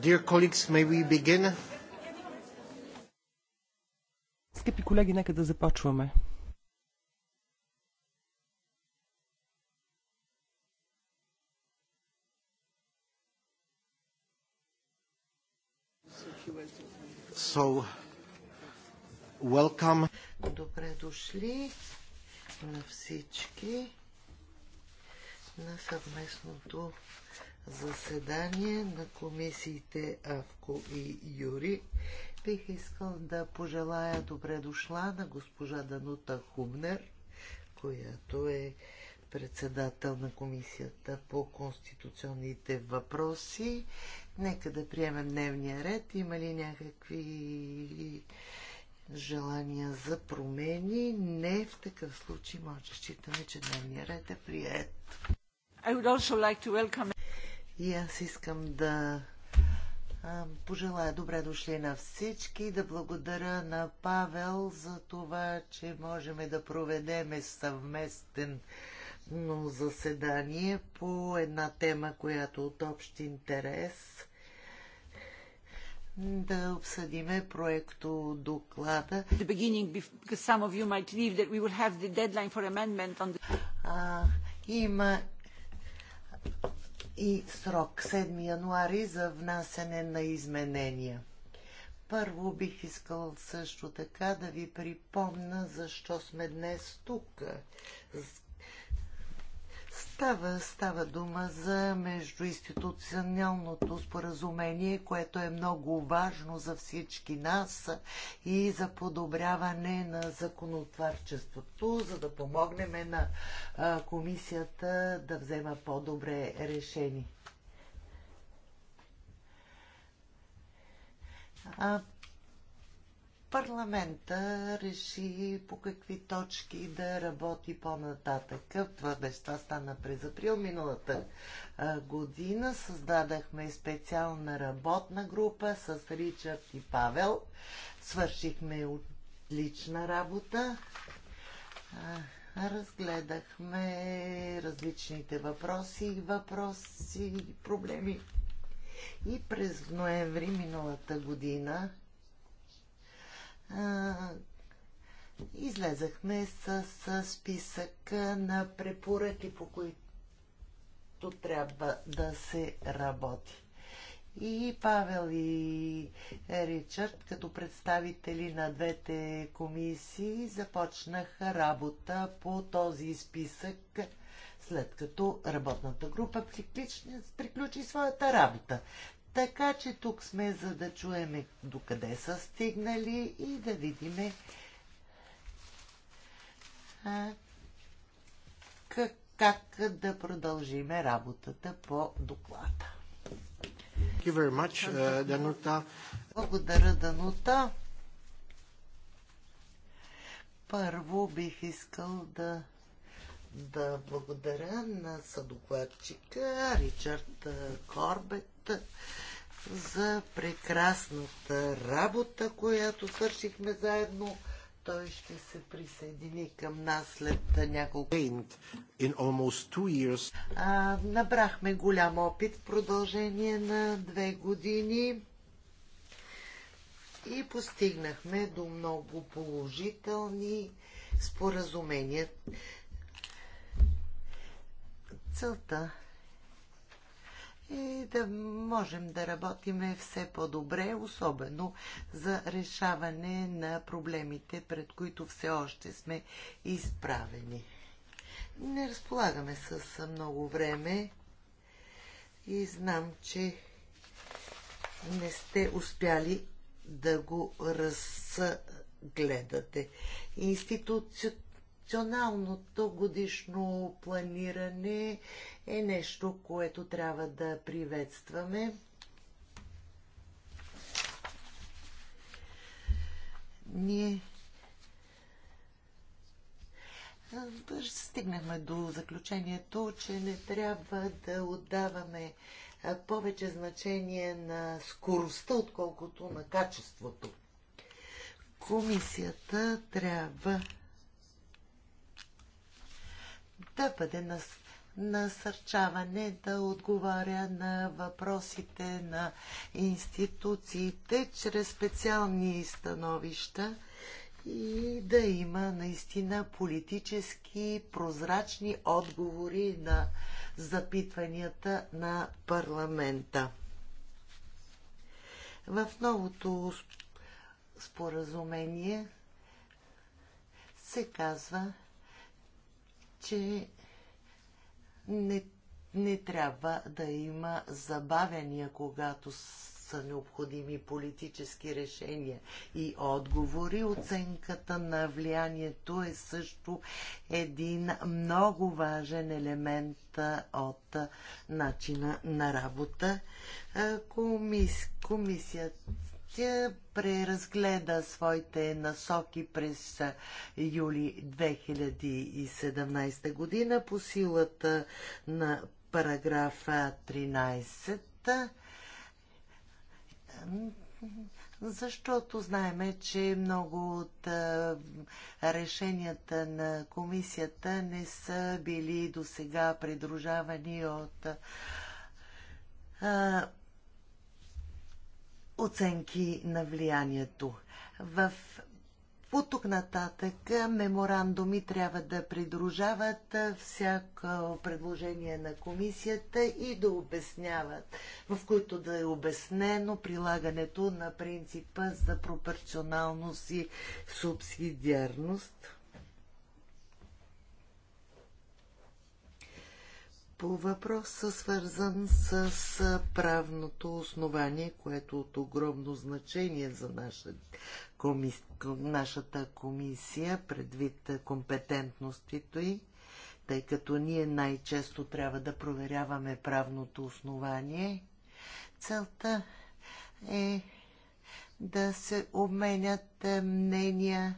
Dear colleagues, may we begin? Скъпи колеги, нека да започваме. So, welcome. Добре дошли на всички на съвместното заседание на комисиите Авко и Юри. Бих искал да пожелая добре дошла на госпожа Данута Хубнер, която е председател на Комисията по конституционните въпроси. Нека да приемем дневния ред. Има ли някакви желания за промени? Не, в такъв случай може да считаме, че дневния ред е прият. I would also like to welcome... И аз искам да пожелая добре дошли на всички, да благодаря на Павел за това, че можем да проведем съвместен заседание по една тема, която е от общ интерес да обсъдиме проекто доклада. The beginning, because some of you might leave, that we will have the deadline for amendment on the... А, има и срок 7 януари за внасене на изменения. Първо бих искал също така да ви припомна защо сме днес тук. Става, става дума за междуинституционалното споразумение, което е много важно за всички нас и за подобряване на законотварчеството, за да помогнем на комисията да взема по-добре решение. А парламента реши по какви точки да работи по-нататък. Това беше, това стана през април миналата година. Създадахме специална работна група с Ричард и Павел. Свършихме отлична работа. Разгледахме различните въпроси, въпроси, проблеми. И през ноември миналата година излезахме с, с списък на препоръки, по които трябва да се работи. И Павел и Ричард, като представители на двете комисии, започнаха работа по този списък, след като работната група приключи, приключи своята работа. Така че тук сме за да чуеме докъде са стигнали и да видиме а, как, как да продължиме работата по доклада. Much, uh, Благодаря, Данута. Първо бих искал да да благодаря на съдокладчика Ричард Корбет за прекрасната работа, която свършихме заедно. Той ще се присъедини към нас след няколко... In almost two years. А, набрахме голям опит в продължение на две години и постигнахме до много положителни споразумения. Целта и да можем да работиме все по-добре, особено за решаване на проблемите, пред които все още сме изправени. Не разполагаме с много време и знам, че не сте успяли да го разгледате. Институцията Националното годишно планиране е нещо, което трябва да приветстваме. Ние стигнахме до заключението, че не трябва да отдаваме повече значение на скоростта, отколкото на качеството. Комисията трябва да бъде насърчаване да отговаря на въпросите на институциите чрез специални становища и да има наистина политически прозрачни отговори на запитванията на парламента. В новото споразумение се казва, че не, не трябва да има забавяния, когато са необходими политически решения и отговори. Оценката на влиянието е също един много важен елемент от начина на работа. Комис... Комисията преразгледа своите насоки през юли 2017 година по силата на параграфа 13 защото знаеме, че много от решенията на комисията не са били до сега придружавани от оценки на влиянието. В от тук нататък меморандуми трябва да придружават всяко предложение на комисията и да обясняват, в които да е обяснено прилагането на принципа за пропорционалност и субсидиарност. по въпроса, свързан с правното основание, което е от огромно значение за наша коми... нашата комисия, предвид компетентностите й, тъй като ние най-често трябва да проверяваме правното основание. Целта е да се обменят е, мнения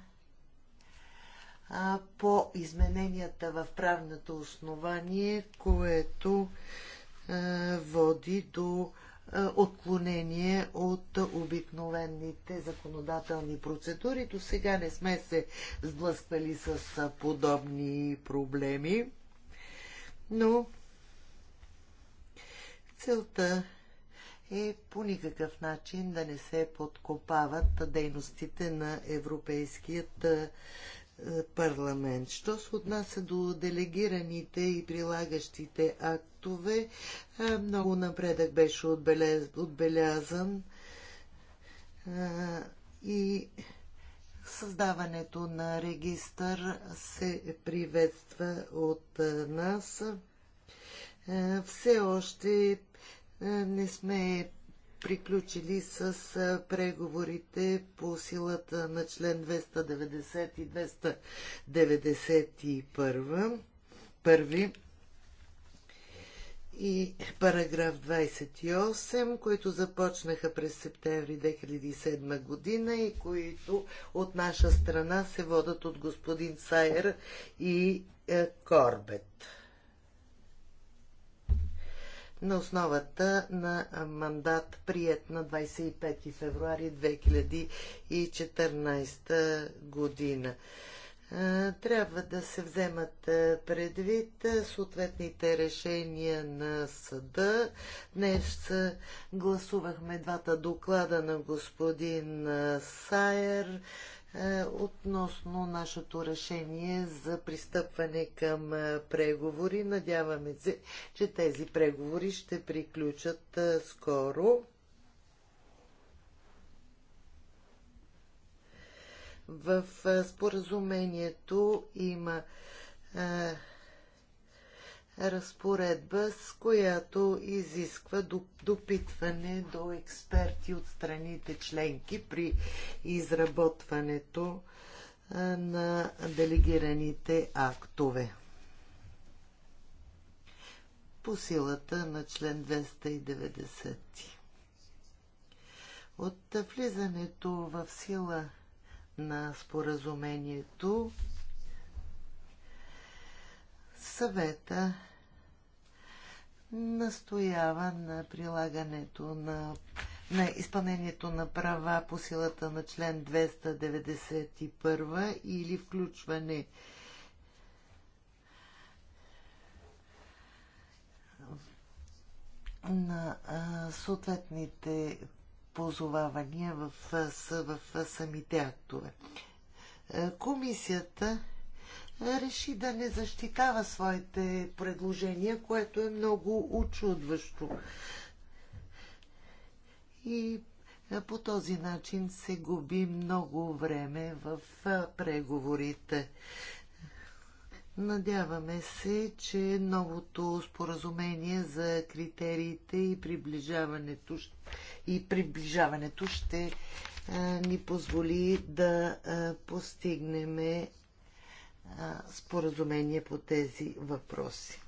по измененията в правното основание, което води до отклонение от обикновените законодателни процедури. До сега не сме се сблъсквали с подобни проблеми, но целта е по никакъв начин да не се подкопават дейностите на Европейският е, парламент. Що се отнася до делегираните и прилагащите актове, е, много напредък беше отбелязан е, и създаването на регистър се приветства от нас. Все още не сме приключили с преговорите по силата на член 290 и 291 първи и параграф 28, които започнаха през септември 2007 година и които от наша страна се водат от господин Сайер и е, Корбет на основата на мандат прият на 25 февруари 2014 година. Трябва да се вземат предвид съответните решения на съда. Днес гласувахме двата доклада на господин Сайер е, относно нашето решение за пристъпване към е, преговори. Надяваме се, че тези преговори ще приключат е, скоро. В споразумението има разпоредба, с която изисква допитване до експерти от страните членки при изработването на делегираните актове. По силата на член 290. От влизането в сила на споразумението Съвета настоява на прилагането на, на изпълнението на права по силата на член 291 или включване на а, съответните позовавания в, в, в самите актове. Комисията реши да не защитава своите предложения, което е много очудващо. И по този начин се губи много време в преговорите. Надяваме се, че новото споразумение за критериите и приближаването, и приближаването ще ни позволи да постигнем споразумение по тези въпроси.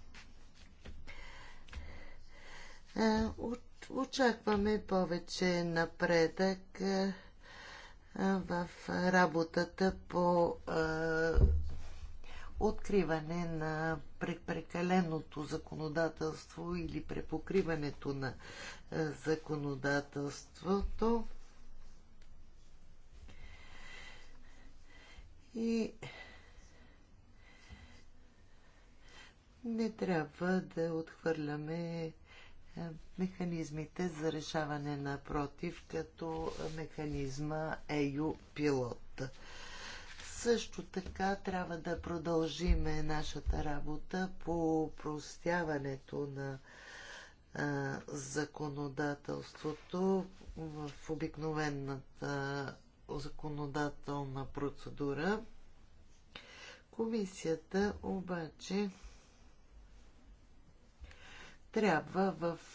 Очакваме повече напредък в работата по откриване на прекаленото законодателство или препокриването на законодателството. И не трябва да отхвърляме е, механизмите за решаване на против, като механизма EU пилот. Също така трябва да продължиме нашата работа по простяването на е, законодателството в обикновената законодателна процедура. Комисията обаче трябва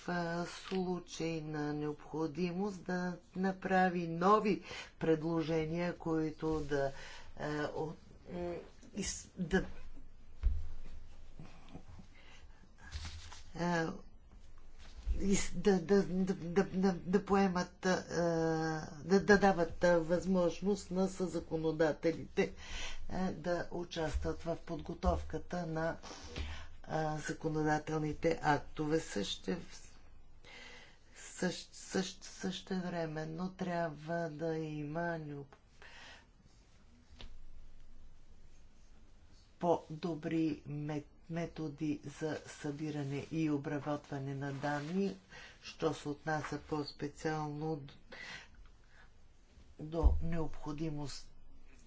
в случай на необходимост да направи нови предложения, които да, е, да да, да, да, да, да поемат, да, да дават възможност на законодателите да участват в подготовката на законодателните актове. Също, също, също, също време, но трябва да има по-добри методи за събиране и обработване на данни, що се отнася по-специално до необходимост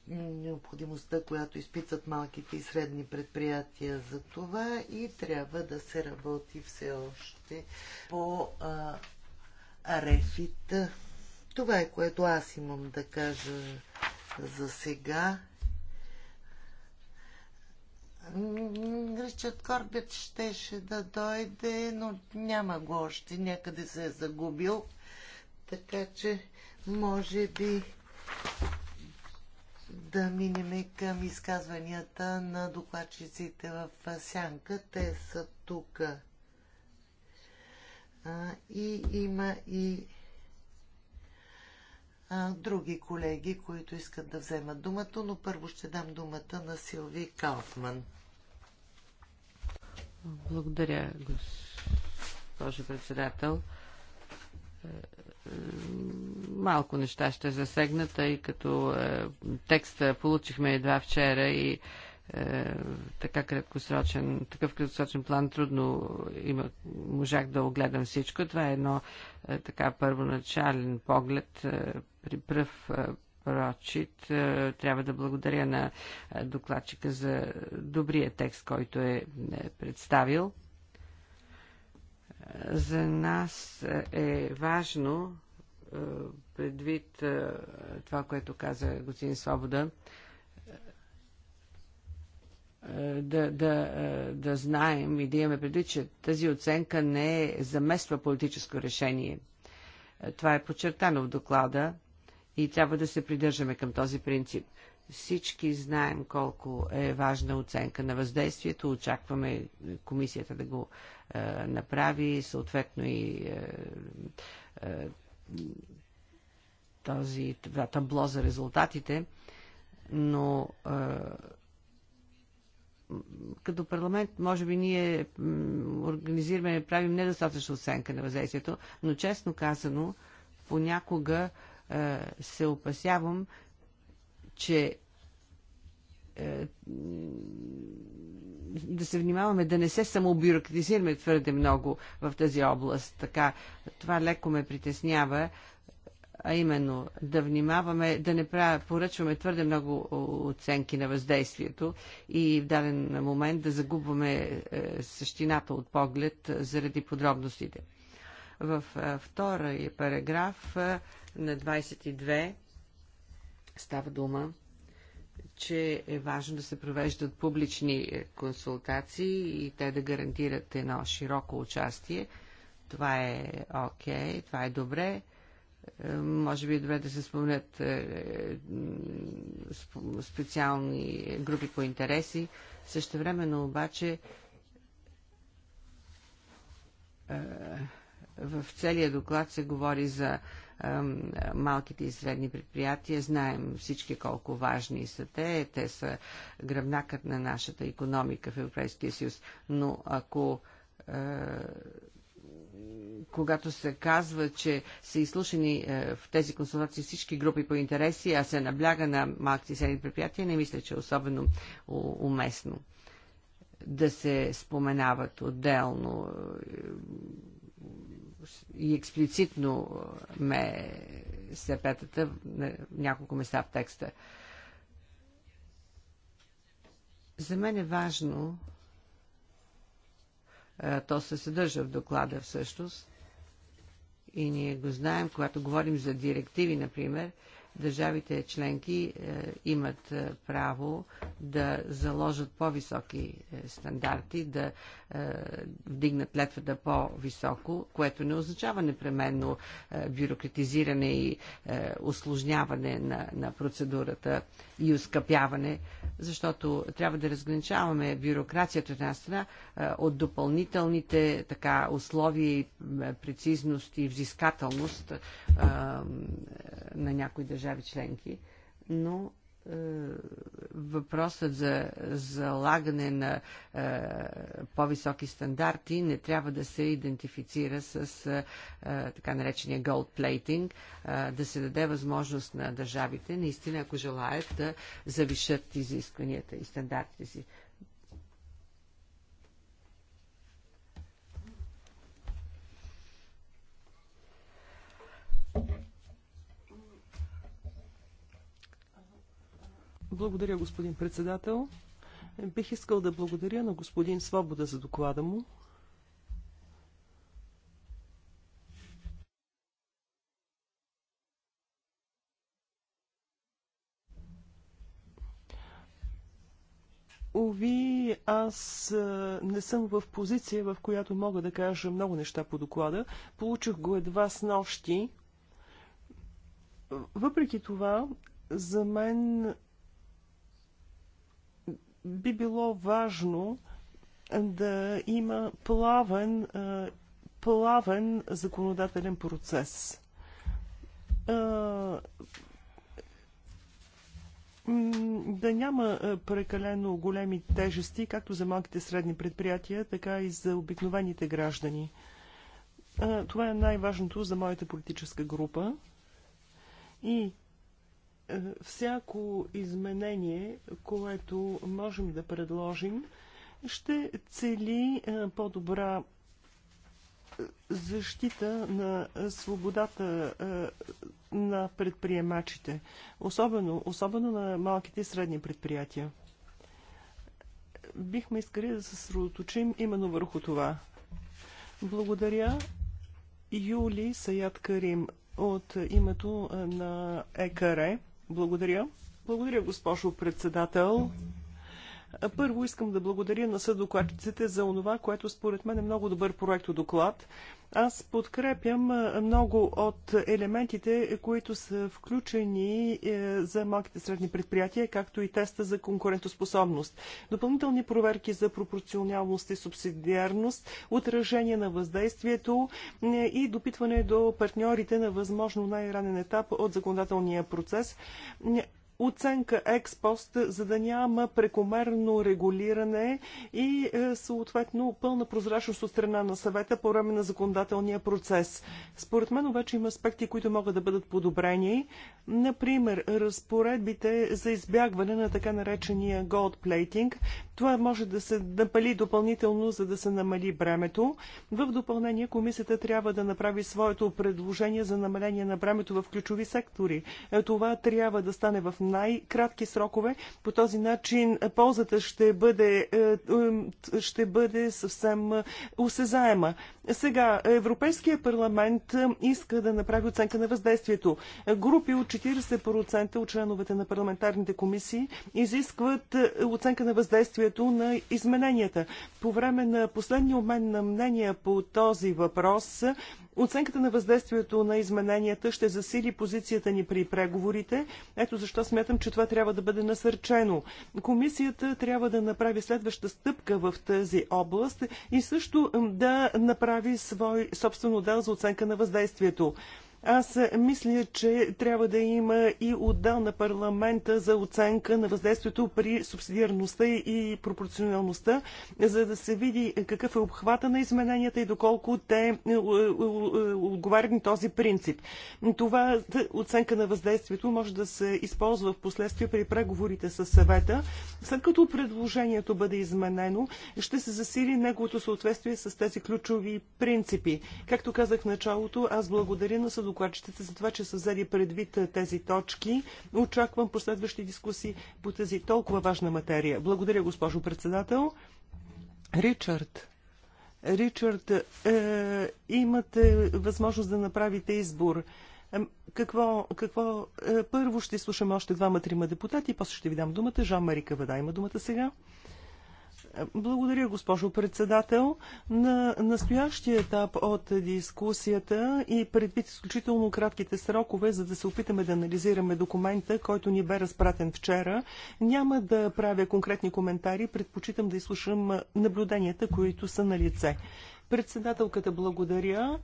необходимостта, която изпитват малките и средни предприятия за това и трябва да се работи все още по а, Това е което аз имам да кажа за сега. Ричард Корбет щеше да дойде, но няма го още. Някъде се е загубил. Така че, може би, да минем към изказванията на докладчиците в сянка. Те са тук. И има и други колеги, които искат да вземат думата, но първо ще дам думата на Силви Кауфман. Благодаря, госпожо председател. Е, малко неща ще засегна, тъй като е, текста получихме едва вчера и е, така краткосрочен, такъв краткосрочен план трудно има, можах да огледам всичко. Това е едно е, така първоначален поглед е, при пръв е, прочит. Е, трябва да благодаря на е, докладчика за добрия текст, който е, е представил. За нас е важно предвид е, това, което каза господин Свобода, е, да, да, е, да знаем и да имаме предвид, че тази оценка не замества политическо решение. Това е подчертано в доклада и трябва да се придържаме към този принцип. Всички знаем колко е важна оценка на въздействието. Очакваме комисията да го е, направи, съответно и е, е, този, това табло за резултатите, но а, като парламент, може би ние организираме, правим недостатъчно оценка на въздействието, но честно казано, понякога а, се опасявам, че е, да се внимаваме, да не се самобюрократизираме твърде много в тази област. Така, това леко ме притеснява, а именно да внимаваме, да не правя, поръчваме твърде много оценки на въздействието и в даден момент да загубваме е, същината от поглед е, заради подробностите. В е, втория параграф на 22 става дума, че е важно да се провеждат публични консултации и те да гарантират едно широко участие. Това е окей, okay, това е добре е, може би е добре да се спомнят е, специални групи по интереси. Също времено обаче е, в целия доклад се говори за малките и средни предприятия. Знаем всички колко важни са те. Те са гръбнакът на нашата економика в Европейския съюз. Но ако когато се казва, че са изслушани е, в тези консултации всички групи по интереси, а се набляга на малките и средни предприятия, не мисля, че е особено уместно да се споменават отделно е, и експлицитно е, ме сепетата на няколко места в текста. За мен е важно е, то се съдържа в доклада всъщност. И ние го знаем, когато говорим за директиви, например, държавите членки е, имат е, право да заложат по-високи е, стандарти, да вдигнат летвата по-високо, което не означава непременно бюрократизиране и осложняване на, на процедурата и ускъпяване, защото трябва да разграничаваме бюрокрацията от една страна от допълнителните така условия и прецизност и взискателност на някои държави членки, но е, въпросът за залагане на е, по-високи стандарти не трябва да се идентифицира с е, е, така наречения gold plating, е, да се даде възможност на държавите, наистина, ако желаят, да завишат изискванията и стандартите си. Благодаря, господин председател. Бих искал да благодаря на господин Свобода за доклада му. Ови, аз не съм в позиция, в която мога да кажа много неща по доклада. Получих го едва с нощи. Въпреки това, за мен би било важно да има плавен, плавен законодателен процес. Да няма прекалено големи тежести, както за малките средни предприятия, така и за обикновените граждани. Това е най-важното за моята политическа група. И всяко изменение, което можем да предложим, ще цели е, по-добра е, защита на свободата е, на предприемачите, особено, особено на малките и средни предприятия. Бихме искали да се съсредоточим именно върху това. Благодаря Юли Саят Карим от името на ЕКРЕ. Благодаря. Благодаря, госпожо председател. Първо искам да благодаря на съдокладците за онова, което според мен е много добър проект доклад. Аз подкрепям много от елементите, които са включени е, за малките средни предприятия, както и теста за конкурентоспособност. Допълнителни проверки за пропорционалност и субсидиарност, отражение на въздействието е, и допитване до партньорите на възможно най-ранен етап от законодателния процес. Е, оценка експост, за да няма прекомерно регулиране и е, съответно пълна прозрачност от страна на съвета по време на законодателния процес. Според мен обаче има аспекти, които могат да бъдат подобрени. Например, разпоредбите за избягване на така наречения gold plating. Това може да се напали допълнително, за да се намали бремето. В допълнение комисията трябва да направи своето предложение за намаление на бремето в ключови сектори. Е, това трябва да стане в най-кратки срокове. По този начин е, ползата ще бъде, е, ще бъде съвсем е, осезаема. Сега, Европейския парламент иска да направи оценка на въздействието. Групи от 40% от членовете на парламентарните комисии изискват оценка на въздействието на измененията. По време на последния обмен на мнения по този въпрос, Оценката на въздействието на измененията ще засили позицията ни при преговорите. Ето защо смятам, че това трябва да бъде насърчено. Комисията трябва да направи следваща стъпка в тази област и също да направи свой собствен отдел за оценка на въздействието. Аз мисля, че трябва да има и отдел на парламента за оценка на въздействието при субсидиарността и пропорционалността, за да се види какъв е обхвата на измененията и доколко те е, е, е, отговарят на този принцип. Това оценка на въздействието може да се използва в последствие при преговорите с съвета. След като предложението бъде изменено, ще се засили неговото съответствие с тези ключови принципи. Както казах в началото, аз благодаря на съдокладателите докладчетата за това, че са взели предвид тези точки. Очаквам последващи дискусии по тази толкова важна материя. Благодаря, госпожо председател. Ричард. Ричард, е, имате възможност да направите избор. Какво, какво? Е, първо ще слушаме още двама-трима депутати, после ще ви дам думата. жан Марика Вада има думата сега. Благодаря, госпожо председател. На настоящия етап от дискусията и предвид изключително кратките срокове, за да се опитаме да анализираме документа, който ни бе разпратен вчера, няма да правя конкретни коментари, предпочитам да изслушам наблюденията, които са на лице. Председателката благодаря.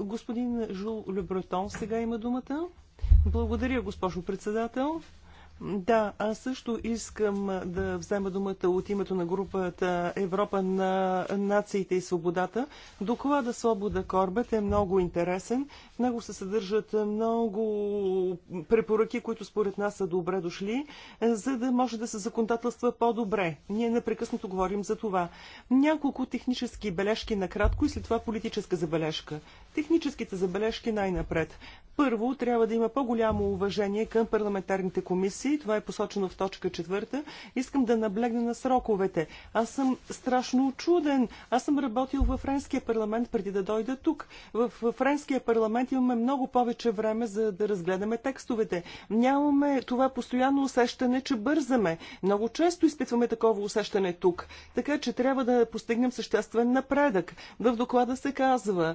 Господин Жул Лебретон сега има думата. Благодаря, госпожо председател. Да, аз също искам да взема думата от името на групата Европа на нациите и свободата. Доклада Свобода Корбет е много интересен. В него се съдържат много препоръки, които според нас са добре дошли, за да може да се законодателства по-добре. Ние непрекъснато говорим за това. Няколко технически бележки накратко и след това политическа забележка. Техническите забележки най-напред. Първо, трябва да има по-голямо уважение към парламентарните комисии случаи, това е посочено в точка четвърта, искам да наблегна на сроковете. Аз съм страшно очуден. Аз съм работил във Френския парламент преди да дойда тук. В Френския парламент имаме много повече време за да разгледаме текстовете. Нямаме това постоянно усещане, че бързаме. Много често изпитваме такова усещане тук. Така че трябва да постигнем съществен напредък. В доклада се казва,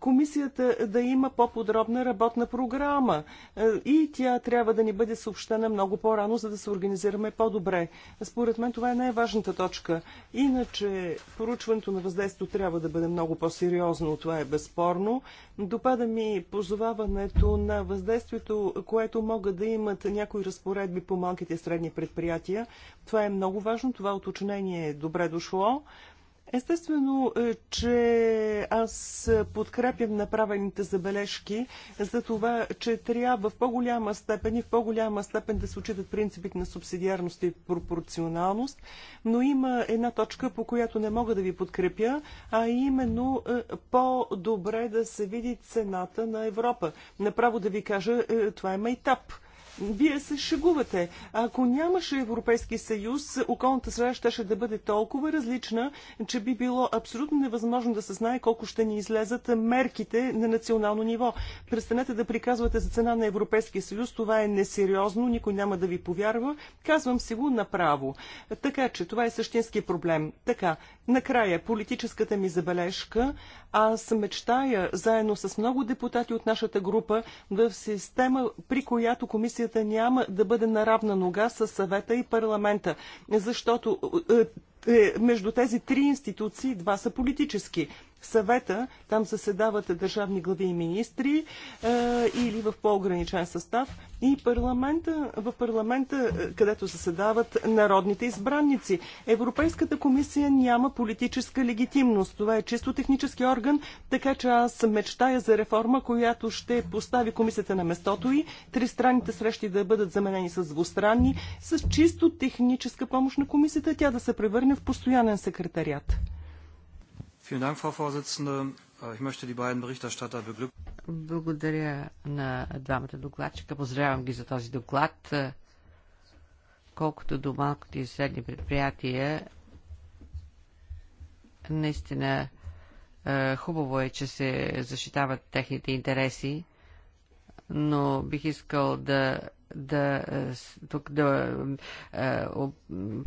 комисията да има по-подробна работна програма е, и тя трябва да ни бъде съобщена много много по-рано, за да се организираме по-добре. Според мен това е най-важната точка. Иначе поручването на въздействието трябва да бъде много по-сериозно, това е безспорно. Допада ми позоваването на въздействието, което могат да имат някои разпоредби по малките и средни предприятия. Това е много важно, това уточнение е добре дошло. Естествено, е, че аз подкрепям направените забележки за това, че трябва в по-голяма степен и в по-голяма степен да се отчитат принципите на субсидиарност и пропорционалност, но има една точка, по която не мога да ви подкрепя, а именно е, по-добре да се види цената на Европа. Направо да ви кажа, е, това е майтап – вие се шегувате. Ако нямаше Европейски съюз, околната среда щеше да бъде толкова различна, че би било абсолютно невъзможно да се знае колко ще ни излезат мерките на национално ниво. Престанете да приказвате за цена на Европейския съюз. Това е несериозно, никой няма да ви повярва. Казвам си го направо. Така че това е същински проблем. Така, накрая политическата ми забележка. Аз мечтая заедно с много депутати от нашата група в система, при която комисията комисията няма да бъде на равна нога с съвета и парламента, защото е, е, между тези три институции два са политически съвета, там заседават държавни глави и министри е, или в по-ограничен състав, и парламента, в парламента, е, където заседават народните избранници. Европейската комисия няма политическа легитимност. Това е чисто технически орган, така че аз мечтая за реформа, която ще постави комисията на местото и тристранните срещи да бъдат заменени с двустранни, с чисто техническа помощ на комисията, тя да се превърне в постоянен секретарят. Vielen Dank, Frau Vorsitzende. Äh, ich möchte die beiden Berichterstatter Благодаря на двамата докладчика. Поздравявам ги за този доклад. Е, колкото до малките и средни предприятия, наистина е, хубаво е, че се защитават техните интереси, но бих искал да да, е, тук да е,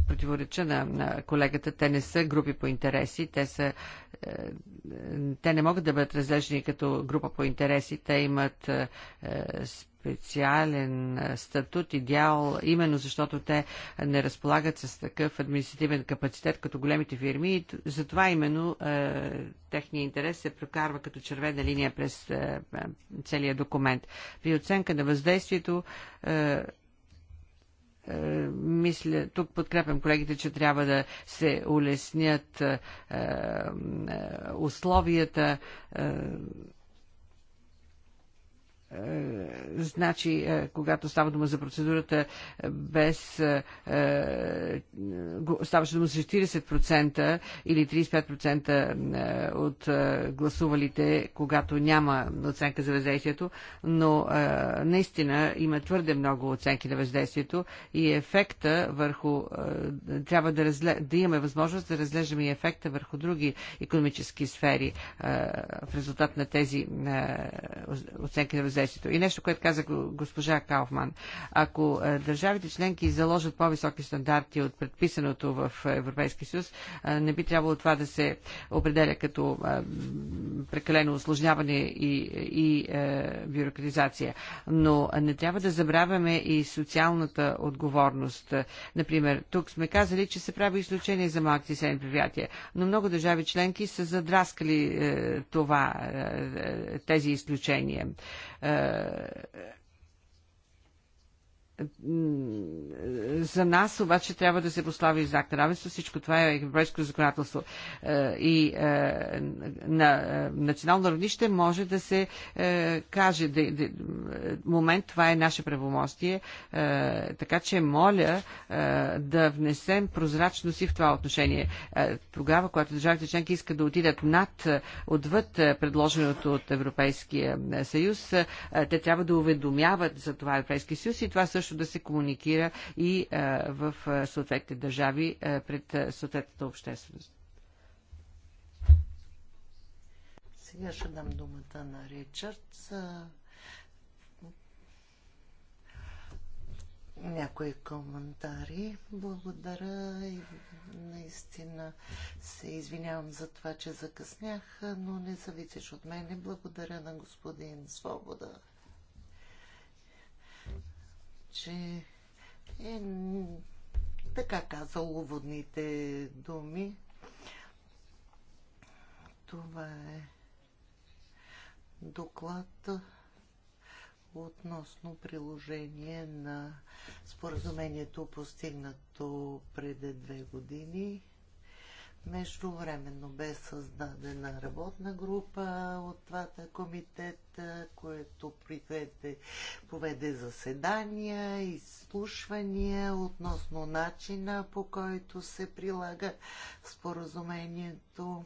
противореча на, на колегата. Те не са групи по интереси, те са е, е те не могат да бъдат разлежени като група по интереси, те имат е, е специален статут и дял, именно защото те не разполагат с такъв административен капацитет като големите фирми и затова именно е, техния интерес се прокарва като червена линия през е, целият документ. При оценка на въздействието е, мисля, тук подкрепям колегите, че трябва да се улеснят е, условията е, Значи, е, когато става дума за процедурата е, без... Е, Ставаше дума за 40% или 35% от гласувалите, когато няма оценка за въздействието, но наистина има твърде много оценки на въздействието и ефекта върху... Трябва да, разле... да имаме възможност да разлежаме и ефекта върху други економически сфери в резултат на тези оценки на въздействието. И нещо, което каза госпожа Кауфман. Ако е, държавите членки заложат по-високи стандарти от предписаното в Европейския съюз, е, не би трябвало това да се определя като е, прекалено осложняване и, и бюрократизация. Но не трябва да забравяме и социалната отговорност. Например, тук сме казали, че се прави изключение за малките и предприятия, но много държави членки са задраскали това, тези изключения е, за нас обаче трябва да се прослави знак на равенство. Всичко това е европейско законодателство. Е, и е, на е, национално равнище може да се каже, да, да, момент това е наше правомостие, така че моля да внесем прозрачност и в това отношение. Тогава, когато държавите членки искат да отидат над, отвъд предложеното от Европейския съюз, те трябва да уведомяват за това Европейския съюз и това също също да се комуникира и в съответните държави пред съответната общественост. Сега ще дам думата на Ричард за някои коментари. Благодаря и наистина се извинявам за това, че закъснях, но не зависиш от мене. Благодаря на господин Свобода че е така казал уводните думи. Това е доклад относно приложение на споразумението, постигнато преди две години Междувременно бе създадена работна група от двата комитета, което приведе, поведе заседания, изслушвания относно начина по който се прилага споразумението.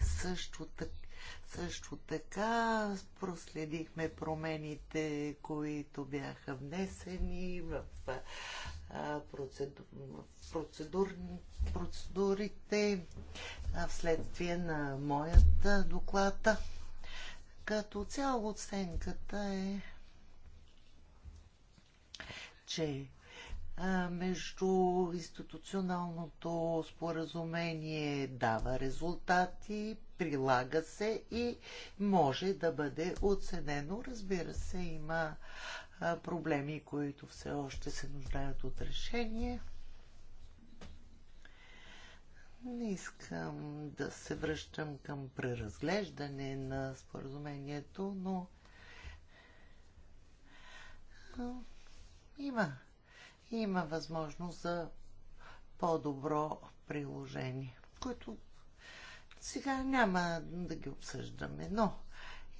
Също така също така проследихме промените, които бяха внесени в процедур, процедурите вследствие на моят доклад. Като цяло оценката е, че между институционалното споразумение дава резултати, прилага се и може да бъде оценено. Разбира се, има проблеми, които все още се нуждаят от решение. Не искам да се връщам към преразглеждане на споразумението, но има, има възможност за по-добро приложение, което сега няма да ги обсъждаме, но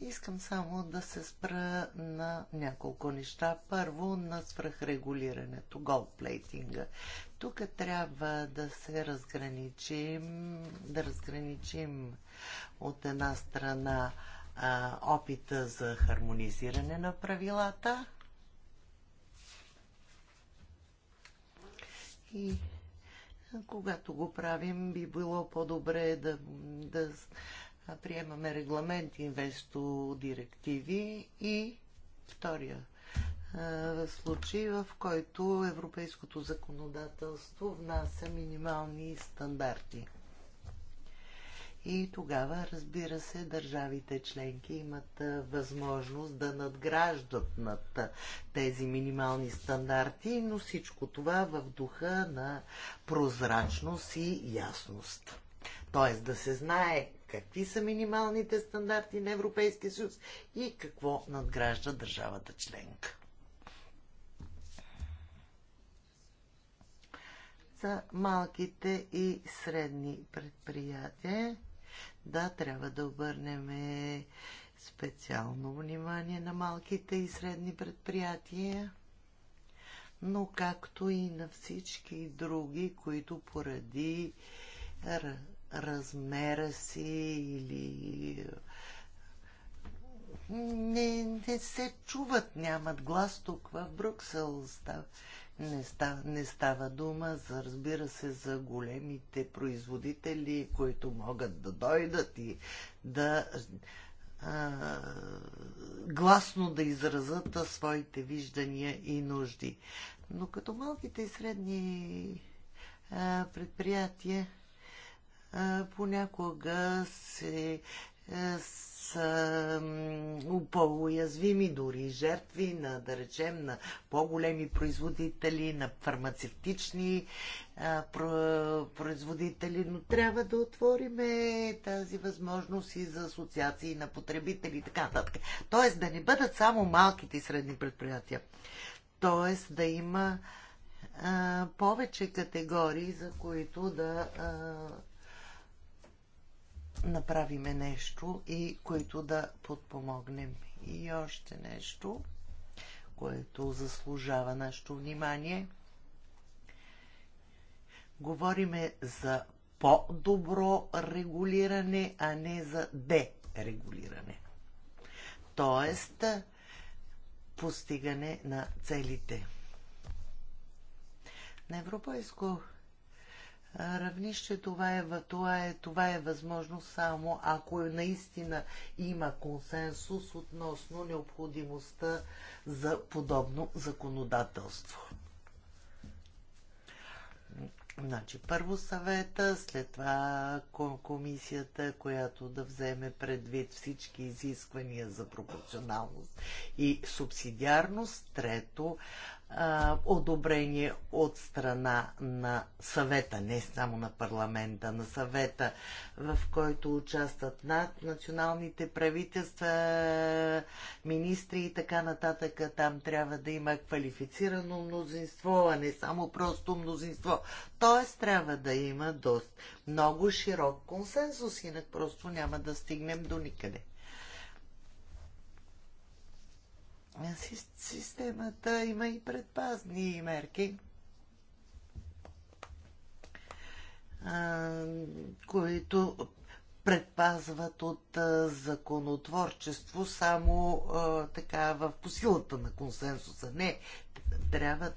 Искам само да се спра на няколко неща. Първо на свръхрегулирането, голдплейтинга. Тук трябва да се разграничим, да разграничим от една страна а, опита за хармонизиране на правилата и когато го правим, би било по-добре да, да приемаме регламент инвесто директиви и втория случай, в който европейското законодателство внася минимални стандарти. И тогава, разбира се, държавите членки имат възможност да надграждат над тези минимални стандарти, но всичко това в духа на прозрачност и ясност. Тоест да се знае какви са минималните стандарти на Европейския съюз и какво надгражда държавата членка. За малките и средни предприятия, да, трябва да обърнем специално внимание на малките и средни предприятия но както и на всички други, които поради размера си или не, не се чуват, нямат глас тук в Брюксел. не, става, не става дума, за, разбира се, за големите производители, които могат да дойдат и да а, гласно да изразат своите виждания и нужди. Но като малките и средни а, предприятия, понякога се е, са по-уязвими, дори жертви на, да речем, на по-големи производители, на фармацевтични а, е, про, производители, но трябва да отвориме тази възможност и за асоциации на потребители и така нататък. Тоест да не бъдат само малките и средни предприятия. Тоест да има а, е, повече категории, за които да а, направиме нещо и които да подпомогнем. И още нещо, което заслужава нашето внимание. Говориме за по-добро регулиране, а не за дерегулиране. Тоест, постигане на целите. На европейско равнище. Това е, това, е, това е възможно само ако наистина има консенсус относно необходимостта за подобно законодателство. Значи, първо съвета, след това комисията, която да вземе предвид всички изисквания за пропорционалност и субсидиарност. Трето, одобрение от страна на съвета, не само на парламента, на съвета, в който участват над националните правителства, министри и така нататък. Там трябва да има квалифицирано мнозинство, а не само просто мнозинство. Тоест трябва да има доста много широк консенсус, инак просто няма да стигнем до никъде. системата има и предпазни мерки, които предпазват от законотворчество само така в посилата на консенсуса. Не, трябва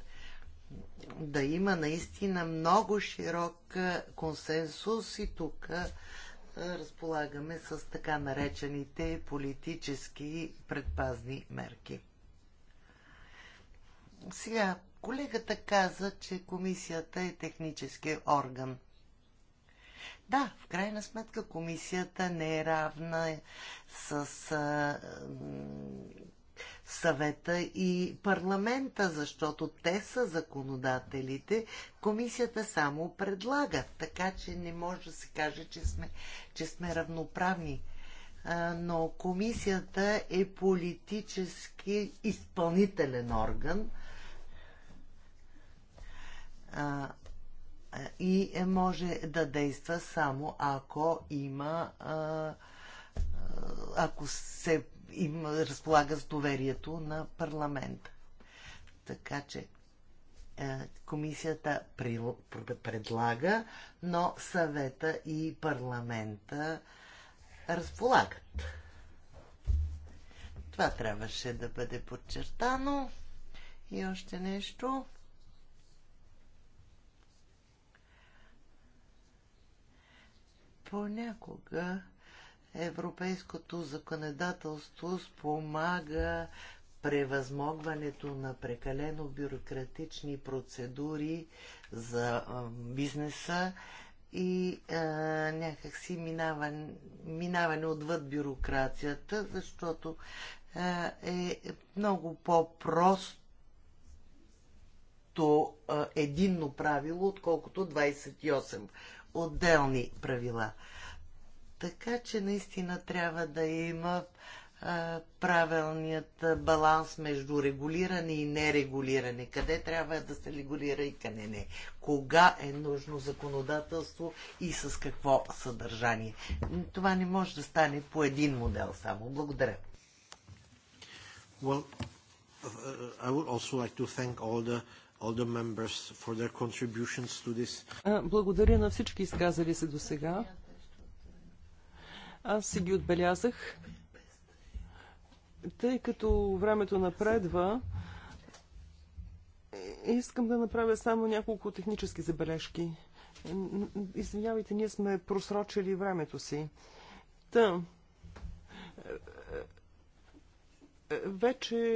да има наистина много широк консенсус и тук разполагаме с така наречените политически предпазни мерки. Сега, колегата каза, че комисията е технически орган. Да, в крайна сметка комисията не е равна с а, съвета и парламента, защото те са законодателите, комисията само предлага, така че не може да се каже, че сме, че сме равноправни. А, но комисията е политически изпълнителен орган, а, и може да действа само ако има а, ако се им разполага с доверието на парламента. Така че комисията предлага, но съвета и парламента разполагат. Това трябваше да бъде подчертано. И още нещо. Понякога европейското законодателство спомага превъзмогването на прекалено бюрократични процедури за бизнеса и а, някакси минаване, минаване отвъд бюрокрацията, защото а, е много по-просто единно правило, отколкото 28 отделни правила. Така че наистина трябва да има правилният баланс между регулиране и нерегулиране. Къде трябва да се регулира и къде не. Кога е нужно законодателство и с какво съдържание. Това не може да стане по един модел само. Благодаря. Well, uh, I would also like to thank all the благодаря на всички изказали се до сега. Аз си ги отбелязах. Тъй като времето напредва, искам да направя само няколко технически забележки. Извинявайте, ние сме просрочили времето си. Та, е, е, вече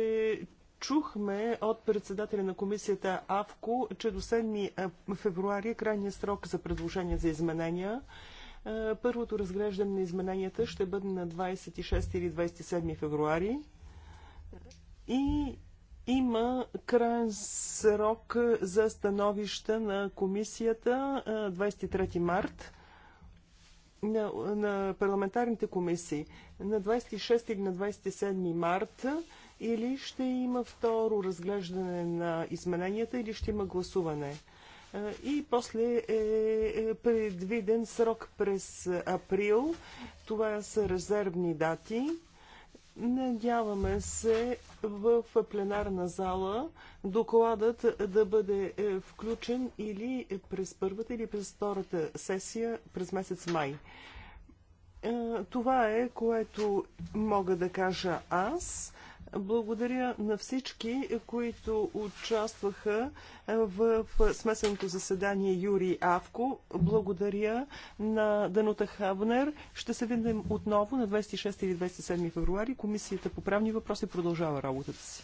Чухме от председателя на комисията АВКО, че до 7 февруари е крайният срок за предложения за изменения. Първото разглеждане на измененията ще бъде на 26 или 27 февруари. И има крайен срок за становища на комисията 23 март на, на парламентарните комисии. На 26 или на 27 марта. Или ще има второ разглеждане на измененията, или ще има гласуване. Е, и после е, е предвиден срок през април. Това са резервни дати. Надяваме се в пленарна зала докладът да бъде е, включен или през първата или през втората сесия през месец май. Това е, което мога да кажа аз. Благодаря на всички, които участваха в смесеното заседание Юрий Авко. Благодаря на Данута Хабнер. Ще се видим отново на 26 или 27 февруари. Комисията по правни въпроси продължава работата си.